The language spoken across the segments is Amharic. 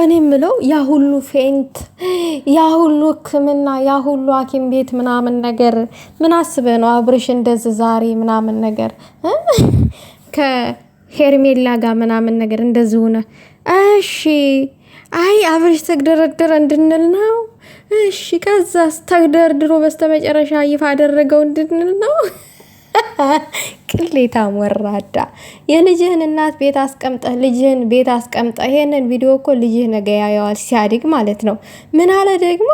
እኔ ምለው ያ ሁሉ ፌንት ያ ሁሉ ሕክምና ያ ሁሉ ሐኪም ቤት ምናምን ነገር ምን አስበህ ነው አብርሽ እንደዚ ዛሬ ምናምን ነገር ከሄርሜላ ጋር ምናምን ነገር እንደዚ ሆነ? እሺ አይ አብርሽ ተግደረደረ እንድንል ነው? እሺ ከዛስ ተግደርድሮ በስተመጨረሻ ይፋ አደረገው እንድንል ነው? ቅሌታም ወራዳ የልጅህን እናት ቤት አስቀምጠህ ልጅህን ቤት አስቀምጠህ ይሄንን ቪዲዮ እኮ ልጅህ ነገ ያየዋል ሲያድግ ማለት ነው። ምን አለ ደግሞ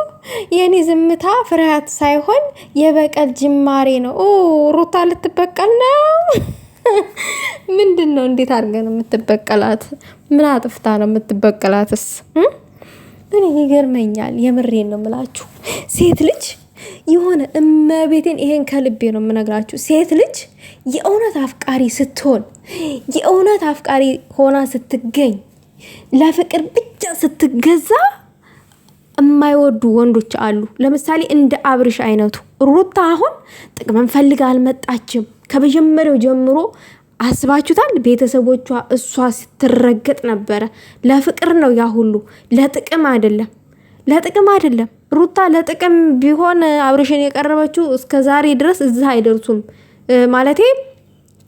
የኔ ዝምታ ፍርሃት ሳይሆን የበቀል ጅማሬ ነው። ሩታ ልትበቀል ነው። ምንድን ነው? እንዴት አድርገህ ነው የምትበቀላት? ምን አጥፍታ ነው የምትበቀላትስ? እኔ ይገርመኛል። የምሬን ነው ምላችሁ ሴት ልጅ የሆነ እመቤቴን ይሄን ከልቤ ነው የምነግራችሁ። ሴት ልጅ የእውነት አፍቃሪ ስትሆን የእውነት አፍቃሪ ሆና ስትገኝ ለፍቅር ብቻ ስትገዛ የማይወዱ ወንዶች አሉ። ለምሳሌ እንደ አብርሽ አይነቱ። ሩታ አሁን ጥቅምን ፈልጋ አልመጣችም። ከመጀመሪያው ጀምሮ አስባችሁታል? ቤተሰቦቿ እሷ ስትረገጥ ነበረ። ለፍቅር ነው ያ ሁሉ፣ ለጥቅም አይደለም፣ ለጥቅም አይደለም። ሩታ ለጥቅም ቢሆን አብርሽን የቀረበችው እስከ ዛሬ ድረስ እዛ አይደርሱም። ማለቴ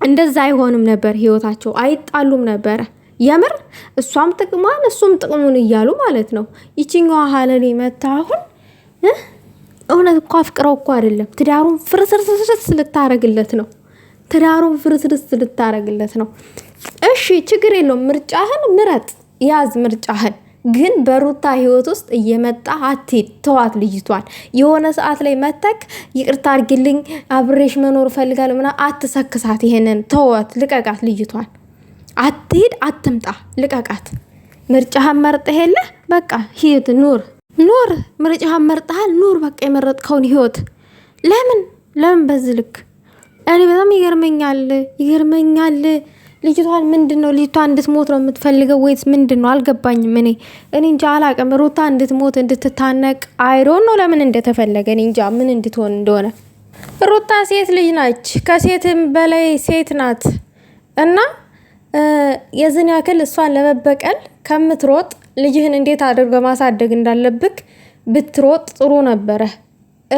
እንደዛ አይሆንም ነበር፣ ህይወታቸው አይጣሉም ነበረ። የምር እሷም ጥቅሟን እሱም ጥቅሙን እያሉ ማለት ነው። ይችኛዋ ሀለሌ መታ አሁን እውነት እኮ አፍቅረው እኮ አይደለም ትዳሩን ፍርስርስርስ ልታረግለት ነው። ትዳሩን ፍርስርስ ልታረግለት ነው። እሺ ችግር የለውም። ምርጫህን ምረጥ፣ ያዝ ምርጫህን ግን በሩታ ህይወት ውስጥ እየመጣ አትሂድ፣ ተዋት ልጅቷን። የሆነ ሰዓት ላይ መተክ ይቅርታ አድርግልኝ አብሬሽ መኖር እፈልጋለሁ ምናምን አትሰክሳት። ይሄንን ተዋት፣ ልቀቃት ልጅቷን። አትሂድ፣ አትምጣ፣ ልቀቃት። ምርጫህን መርጠህ የለ በቃ ሂድ፣ ኑር፣ ኑር። ምርጫህን መርጠሃል፣ ኑር በቃ የመረጥከውን ህይወት። ለምን ለምን በዚህ ልክ እኔ በጣም ይገርመኛል፣ ይገርመኛል። ልጅቷን ምንድን ነው ልጅቷ እንድትሞት ነው የምትፈልገው ወይስ ምንድን ነው? አልገባኝም። እኔ እኔ እንጃ አላቅም። ሩታ እንድትሞት እንድትታነቅ አይሮን ነው ለምን እንደተፈለገ እኔ እንጃ ምን እንድትሆን እንደሆነ። ሩታ ሴት ልጅ ናች፣ ከሴትም በላይ ሴት ናት እና የዝን ያክል እሷን ለመበቀል ከምትሮጥ ልጅህን እንዴት አድርገ ማሳደግ እንዳለብክ ብትሮጥ ጥሩ ነበረ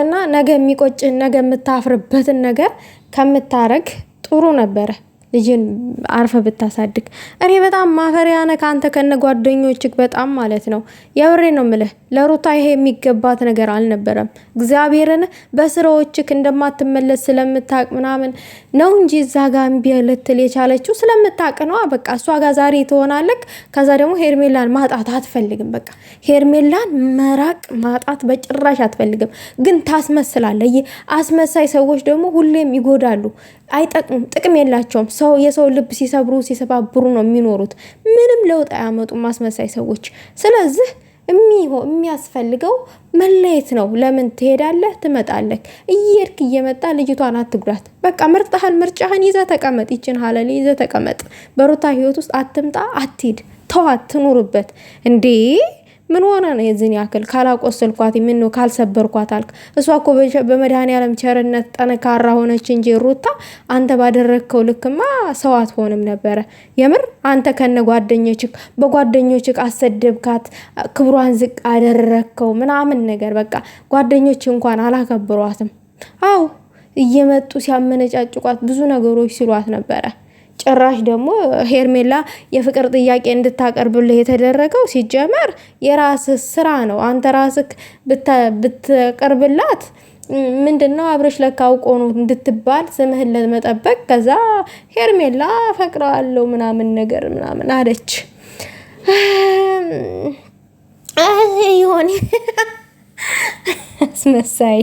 እና ነገ የሚቆጭህን ነገ የምታፍርበትን ነገር ከምታረግ ጥሩ ነበረ። ልጅን አርፈ ብታሳድግ። እኔ በጣም ማፈሪያ ነህ ከአንተ ከነ ጓደኞችህ በጣም ማለት ነው። የብሬ ነው ምልህ። ለሩታ ይሄ የሚገባት ነገር አልነበረም። እግዚአብሔርን በስራዎችህ እንደማትመለስ ስለምታቅ ምናምን ነው እንጂ እዛ ጋ እምቢ ልትል የቻለችው ስለምታቅ ነው። በቃ እሷ ጋር ዛሬ ትሆናለህ፣ ከዛ ደግሞ ሄርሜላን ማጣት አትፈልግም። በቃ ሄርሜላን መራቅ ማጣት በጭራሽ አትፈልግም። ግን ታስመስላለህ። አስመሳይ ሰዎች ደግሞ ሁሌም ይጎዳሉ፣ አይጠቅሙም፣ ጥቅም የላቸውም። ሰው የሰው ልብ ሲሰብሩ ሲሰባብሩ ነው የሚኖሩት። ምንም ለውጥ አያመጡ ማስመሳይ ሰዎች። ስለዚህ የሚያስፈልገው መለየት ነው። ለምን ትሄዳለህ ትመጣለህ? እየሄድክ እየመጣ ልጅቷን አትጉዳት። በቃ መርጠሃል፣ ምርጫህን ይዘ ተቀመጥ። ይችን ሀለል ይዘ ተቀመጥ። በሩታ ህይወት ውስጥ አትምጣ፣ አትሂድ፣ ተዋት፣ ትኑርበት እንዴ ምን ሆነ ነው የዚህን ያክል ካላቆሰልኳት ምን ነው ካልሰበርኳት አልክ? እሷ እኮ በመድኃኒዓለም ቸርነት ጠንካራ ሆነች እንጂ ሩታ አንተ ባደረግከው ልክማ ሰው አትሆንም ነበረ። የምር አንተ ከነ ጓደኞችህ በጓደኞችህ አሰደብካት፣ ክብሯን ዝቅ አደረግከው ምናምን ነገር በቃ ጓደኞች እንኳን አላከብሯትም። አዎ እየመጡ ሲያመነጫጭቋት ብዙ ነገሮች ሲሏት ነበረ። ጭራሽ ደግሞ ሄርሜላ የፍቅር ጥያቄ እንድታቀርብልህ የተደረገው ሲጀመር የራስ ስራ ነው። አንተ ራስክ ብትቀርብላት ምንድን ነው አብረሽ ለካ አውቆ ነው እንድትባል ስምህን ለመጠበቅ። ከዛ ሄርሜላ ፈቅረዋለው ምናምን ነገር ምናምን አለች ይሆን አስመሳይ